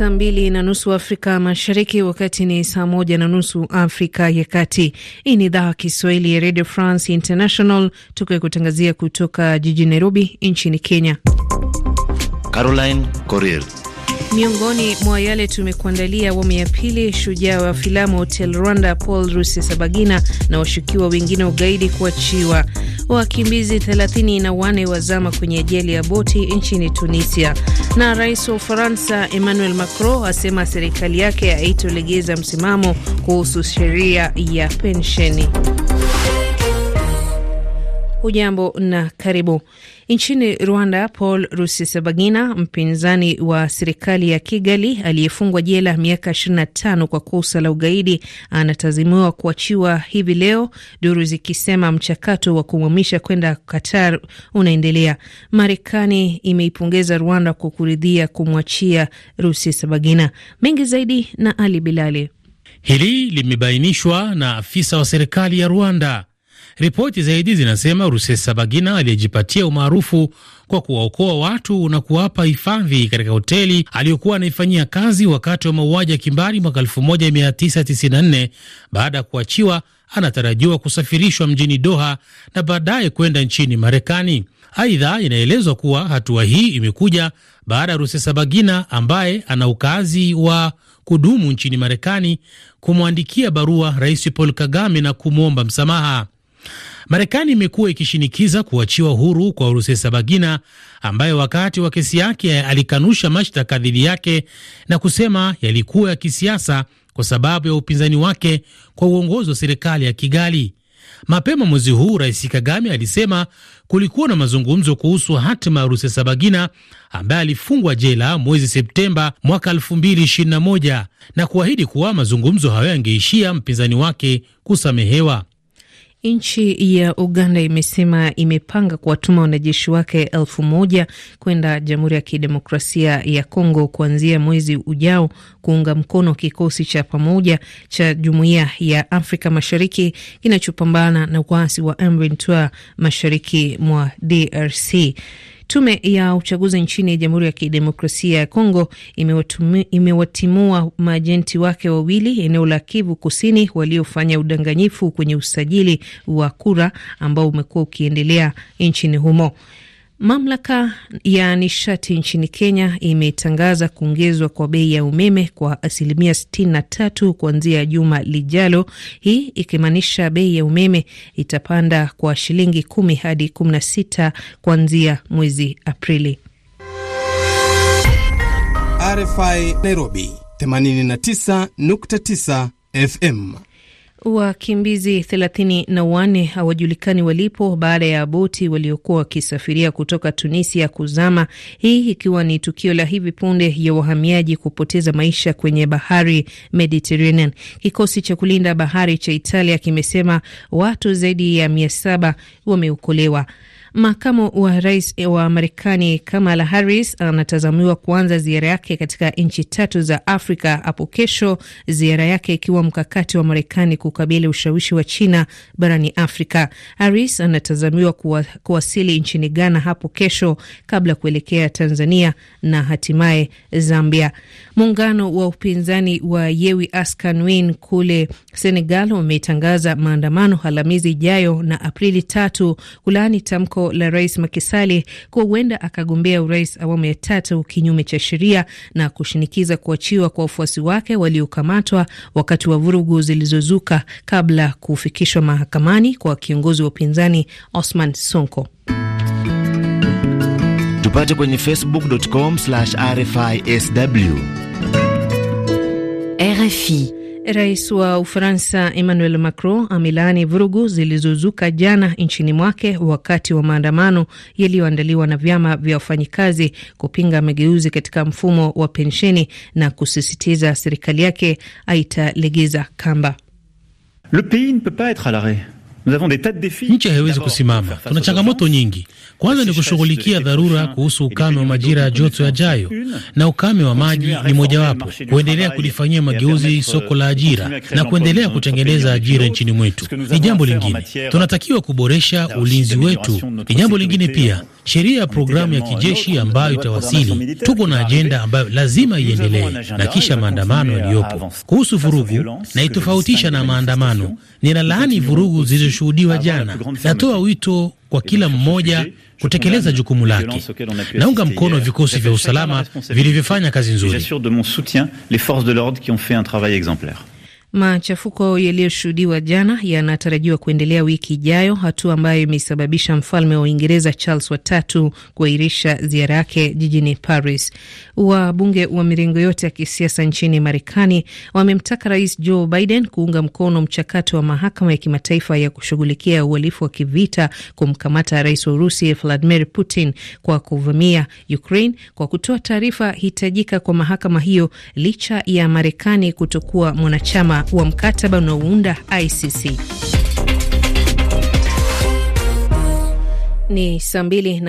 saa mbili na nusu Afrika Mashariki, wakati ni saa moja na nusu Afrika ya Kati. Hii ni idhaa Kiswahili ya Radio France International, tukikutangazia kutoka jiji Nairobi nchini Kenya. Caroline Corrier Miongoni mwa yale tumekuandalia awamu ya pili: shujaa wa filamu Hotel Rwanda Paul Rusesabagina na washukiwa wengine ugaidi kuachiwa; wakimbizi 34 wazama kwenye ajali ya boti nchini Tunisia. Na rais wa Ufaransa Emmanuel Macron asema serikali yake haitolegeza msimamo kuhusu sheria ya pensheni. Hujambo na karibu. Nchini Rwanda, Paul Rusesabagina, mpinzani wa serikali ya Kigali aliyefungwa jela miaka 25 kwa kosa la ugaidi, anatazimiwa kuachiwa hivi leo, duru zikisema mchakato wa kumwamisha kwenda Qatar unaendelea. Marekani imeipongeza Rwanda kwa kuridhia kumwachia Rusesabagina. Mengi zaidi na Ali Bilali. Hili limebainishwa na afisa wa serikali ya Rwanda Ripoti zaidi zinasema Rusesabagina aliyejipatia umaarufu kwa kuwaokoa watu na kuwapa hifadhi katika hoteli aliyokuwa anaifanyia kazi wakati wa mauaji ya kimbari mwaka 1994 baada ya kuachiwa anatarajiwa kusafirishwa mjini Doha na baadaye kwenda nchini Marekani. Aidha, inaelezwa kuwa hatua hii imekuja baada ya Rusesabagina ambaye ana ukaazi wa kudumu nchini Marekani kumwandikia barua Rais Paul Kagame na kumwomba msamaha. Marekani imekuwa ikishinikiza kuachiwa huru kwa Rusesabagina ambaye wakati wa kesi yake alikanusha mashtaka dhidi yake na kusema yalikuwa ya kisiasa kwa sababu ya upinzani wake kwa uongozi wa serikali ya Kigali. Mapema mwezi huu Rais Kagame alisema kulikuwa na mazungumzo kuhusu hatima ya Rusesabagina ambaye alifungwa jela mwezi Septemba mwaka 2021 na kuahidi kuwa mazungumzo hayo yangeishia mpinzani wake kusamehewa. Nchi ya Uganda imesema imepanga kuwatuma wanajeshi wake elfu moja kwenda Jamhuri ya Kidemokrasia ya Kongo kuanzia mwezi ujao kuunga mkono kikosi cha pamoja cha Jumuiya ya Afrika Mashariki kinachopambana na uasi wa M23 mashariki mwa DRC. Tume ya uchaguzi nchini Jamhuri ya Kidemokrasia ya Kongo imewatimua majenti wake wawili eneo la Kivu Kusini waliofanya udanganyifu kwenye usajili wa kura ambao umekuwa ukiendelea nchini humo. Mamlaka ya nishati nchini Kenya imetangaza kuongezwa kwa bei ya umeme kwa asilimia 63 kuanzia juma lijalo, hii ikimaanisha bei ya umeme itapanda kwa shilingi 1 hadi 16 kuanzia mwezi Aprili. RFI Nairobi 89.9 FM. Wakimbizi thelathini na wanne hawajulikani walipo baada ya boti waliokuwa wakisafiria kutoka Tunisia kuzama, hii ikiwa ni tukio la hivi punde ya wahamiaji kupoteza maisha kwenye bahari Mediterranean. Kikosi cha kulinda bahari cha Italia kimesema watu zaidi ya mia saba wameokolewa. Makamu wa rais wa Marekani Kamala Harris anatazamiwa kuanza ziara yake katika nchi tatu za Afrika hapo kesho, ziara yake ikiwa mkakati wa Marekani kukabili ushawishi wa China barani Afrika. Harris anatazamiwa kuwa, kuwasili nchini Ghana hapo kesho kabla kuelekea Tanzania na hatimaye Zambia. Muungano wa upinzani wa Yewi Askanwin kule Senegal umetangaza maandamano halamizi ijayo na Aprili tatu kulaani tamko tamko la Rais Makisali kuwa huenda akagombea urais awamu ya tatu kinyume cha sheria na kushinikiza kuachiwa kwa wafuasi wake waliokamatwa wakati wa vurugu zilizozuka kabla kufikishwa mahakamani kwa kiongozi wa upinzani Osman Sonko. Tupate kwenye facebook.com/rfisw. RFI Rais wa Ufaransa Emmanuel Macron amelaani vurugu zilizozuka jana nchini mwake wakati wa maandamano yaliyoandaliwa na vyama vya wafanyikazi kupinga mageuzi katika mfumo wa pensheni na kusisitiza serikali yake haitalegeza kamba. Le pays ne peut pas etre a l'arret Nchi haiwezi kusimama, tuna changamoto nyingi. Kwanza ni kushughulikia dharura kuhusu ukame wa majira ya joto yajayo, na ukame wa maji ni mojawapo, kuendelea kulifanyia mageuzi soko la euh, ajira na kuendelea kutengeneza ajira nchini mwetu ni jambo lingine. Tunatakiwa kuboresha ulinzi wetu, ni jambo lingine pia. Sheria ya programu ya kijeshi ambayo itawasili, tuko na ajenda ambayo lazima iendelee, na kisha maandamano yaliyopo. Kuhusu vurugu, naitofautisha na maandamano, ninalaani vurugu zilizo yaliyoshuhudiwa jana, natoa wito kwa kila mmoja kutekeleza jukumu lake. Naunga mkono vikosi vya usalama vilivyofanya kazi nzuri. Machafuko yaliyoshuhudiwa jana yanatarajiwa kuendelea wiki ijayo, hatua ambayo imesababisha mfalme wa Uingereza Charles watatu kuahirisha ziara yake jijini Paris. Wabunge wa mirengo yote ya kisiasa nchini Marekani wamemtaka Rais Joe Biden kuunga mkono mchakato wa mahakama ya kimataifa ya kushughulikia uhalifu wa kivita kumkamata rais wa Urusi Vladimir Putin kwa kuvamia Ukraine kwa kutoa taarifa hitajika kwa mahakama hiyo licha ya Marekani kutokuwa mwanachama wa mkataba unaounda ICC. Ni saa mbili na